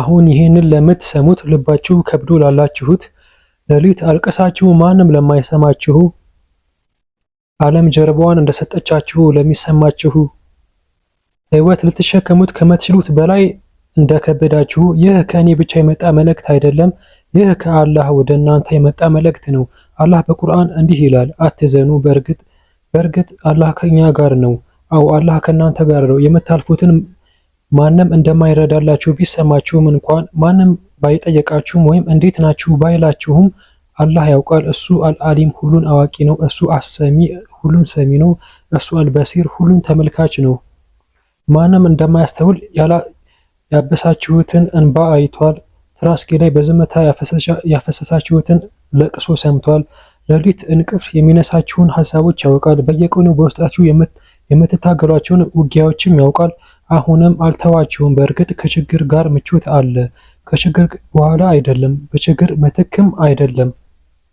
አሁን ይህንን ለምትሰሙት ልባችሁ ከብዶ ላላችሁት፣ ሌሊት አልቅሳችሁ ማንም ለማይሰማችሁ፣ ዓለም ጀርባዋን እንደሰጠቻችሁ ለሚሰማችሁ፣ ሕይወት ልትሸከሙት ከምትችሉት በላይ እንደከበዳችሁ፣ ይህ ከእኔ ብቻ የመጣ መልእክት አይደለም። ይህ ከአላህ ወደ እናንተ የመጣ መልእክት ነው። አላህ በቁርአን እንዲህ ይላል፣ አትዘኑ፣ በእርግጥ በእርግጥ አላህ ከእኛ ጋር ነው። አው አላህ ከእናንተ ጋር ነው የምታልፉትን ማንም እንደማይረዳላችሁ ቢሰማችሁም እንኳን ማንም ባይጠየቃችሁም ወይም እንዴት ናችሁ ባይላችሁም አላህ ያውቃል። እሱ አልአሊም ሁሉን አዋቂ ነው። እሱ አሰሚ ሁሉን ሰሚ ነው። እሱ አልበሲር ሁሉን ተመልካች ነው። ማንም እንደማያስተውል ያበሳችሁትን እንባ አይቷል። ትራስጌ ላይ በዝምታ ያፈሰሳችሁትን ለቅሶ ሰምቷል። ሌሊት እንቅልፍ የሚነሳችሁን ሀሳቦች ያውቃል። በየቀኑ በውስጣችሁ የምትታገሏቸውን ውጊያዎችም ያውቃል። አሁንም አልተዋችሁም። በእርግጥ ከችግር ጋር ምቾት አለ። ከችግር በኋላ አይደለም፣ በችግር ምትክም አይደለም።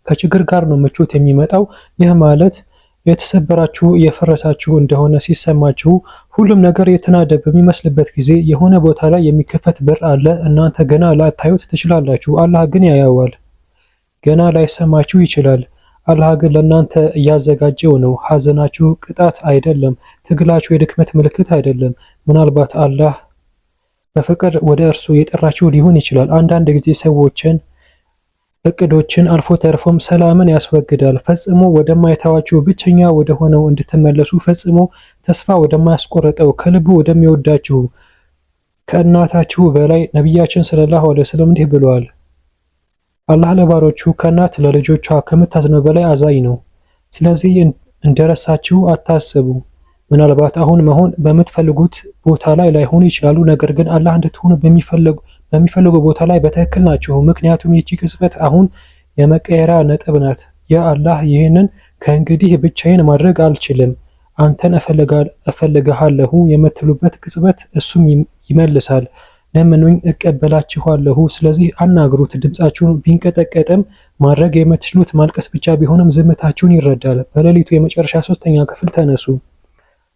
ከችግር ጋር ነው ምቾት የሚመጣው። ይህ ማለት የተሰበራችሁ የፈረሳችሁ እንደሆነ ሲሰማችሁ ሁሉም ነገር የተናደ በሚመስልበት ጊዜ የሆነ ቦታ ላይ የሚከፈት በር አለ። እናንተ ገና ላታዩት ትችላላችሁ፣ አላህ ግን ያያዋል። ገና ላይሰማችሁ ይችላል፣ አላህ ግን ለእናንተ እያዘጋጀው ነው። ሐዘናችሁ ቅጣት አይደለም። ትግላችሁ የድክመት ምልክት አይደለም። ምናልባት አላህ በፍቅር ወደ እርሱ የጠራችሁ ሊሆን ይችላል። አንዳንድ ጊዜ ሰዎችን እቅዶችን አልፎ ተርፎም ሰላምን ያስወግዳል። ፈጽሞ ወደማይተዋችሁ ብቸኛ ወደሆነው እንድትመለሱ ፈጽሞ ተስፋ ወደማያስቆርጠው ከልቡ ወደሚወዳችሁ ከእናታችሁ በላይ ነቢያችን ሰለላሁ ዐለይሂ ወሰለም እንዲህ ብለዋል። አላህ ለባሮቹ ከእናት ለልጆቿ ከምታዝነው በላይ አዛኝ ነው። ስለዚህ እንደረሳችሁ አታስቡ። ምናልባት አሁን መሆን በምትፈልጉት ቦታ ላይ ላይሆኑ ይችላሉ፣ ነገር ግን አላህ እንድትሆኑ በሚፈልገው ቦታ ላይ በትክክል ናችሁ። ምክንያቱም ይቺ ቅጽበት አሁን የመቀየሪያ ነጥብ ናት። ያ አላህ ይህንን ከእንግዲህ ብቻዬን ማድረግ አልችልም፣ አንተን እፈልግሃለሁ የምትሉበት ቅጽበት እሱም ይመልሳል ለምኑኝ እቀበላችኋለሁ። ስለዚህ አናግሩት። ድምፃችሁን ቢንቀጠቀጥም ማድረግ የምትችሉት ማልቀስ ብቻ ቢሆንም ዝምታችሁን ይረዳል። በሌሊቱ የመጨረሻ ሶስተኛ ክፍል ተነሱ።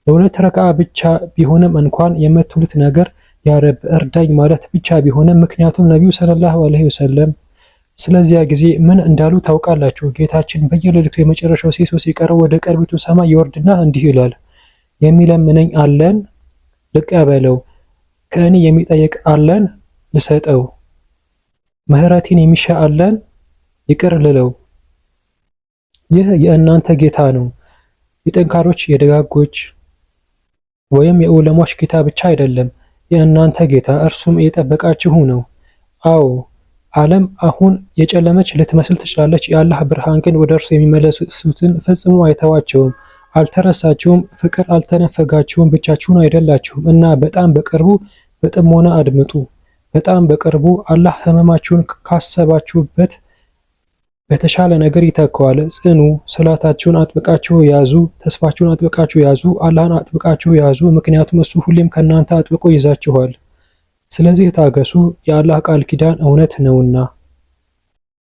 ለሁለት ረቃ ብቻ ቢሆንም እንኳን የምትሉት ነገር ያረብ እርዳኝ ማለት ብቻ ቢሆንም ምክንያቱም ነቢዩ ሰለላሁ ዐለይሂ ወሰለም ስለዚያ ጊዜ ምን እንዳሉ ታውቃላችሁ? ጌታችን በየሌሊቱ የመጨረሻው ሴሶ ሲቀረው ወደ ቀርቢቱ ሰማይ ይወርድና እንዲህ ይላል፣ የሚለምነኝ አለን ልቀበለው፣ ከእኔ የሚጠየቅ አለን ልሰጠው፣ ምህረቴን የሚሻ አለን ይቅር ልለው። ይህ የእናንተ ጌታ ነው፣ የጠንካሮች የደጋጎች ወይም የዑለሞች ጌታ ብቻ አይደለም፣ የእናንተ ጌታ እርሱም እየጠበቃችሁ ነው። አዎ ዓለም አሁን የጨለመች ልትመስል ትችላለች። የአላህ ብርሃን ግን ወደ እርሱ የሚመለሱትን ፈጽሞ አይተዋቸውም። አልተረሳቸውም ፍቅር አልተነፈጋችሁም፣ ብቻችሁን አይደላችሁም እና በጣም በቅርቡ በጥሞና አድምጡ። በጣም በቅርቡ አላህ ህመማችሁን ካሰባችሁበት በተሻለ ነገር ይተከዋል። ጽኑ፣ ስላታችሁን አጥብቃችሁ ያዙ፣ ተስፋችሁን አጥብቃችሁ ያዙ፣ አላህን አጥብቃችሁ ያዙ። ምክንያቱም እሱ ሁሌም ከእናንተ አጥብቆ ይዛችኋል። ስለዚህ ታገሱ፣ የአላህ ቃል ኪዳን እውነት ነውና።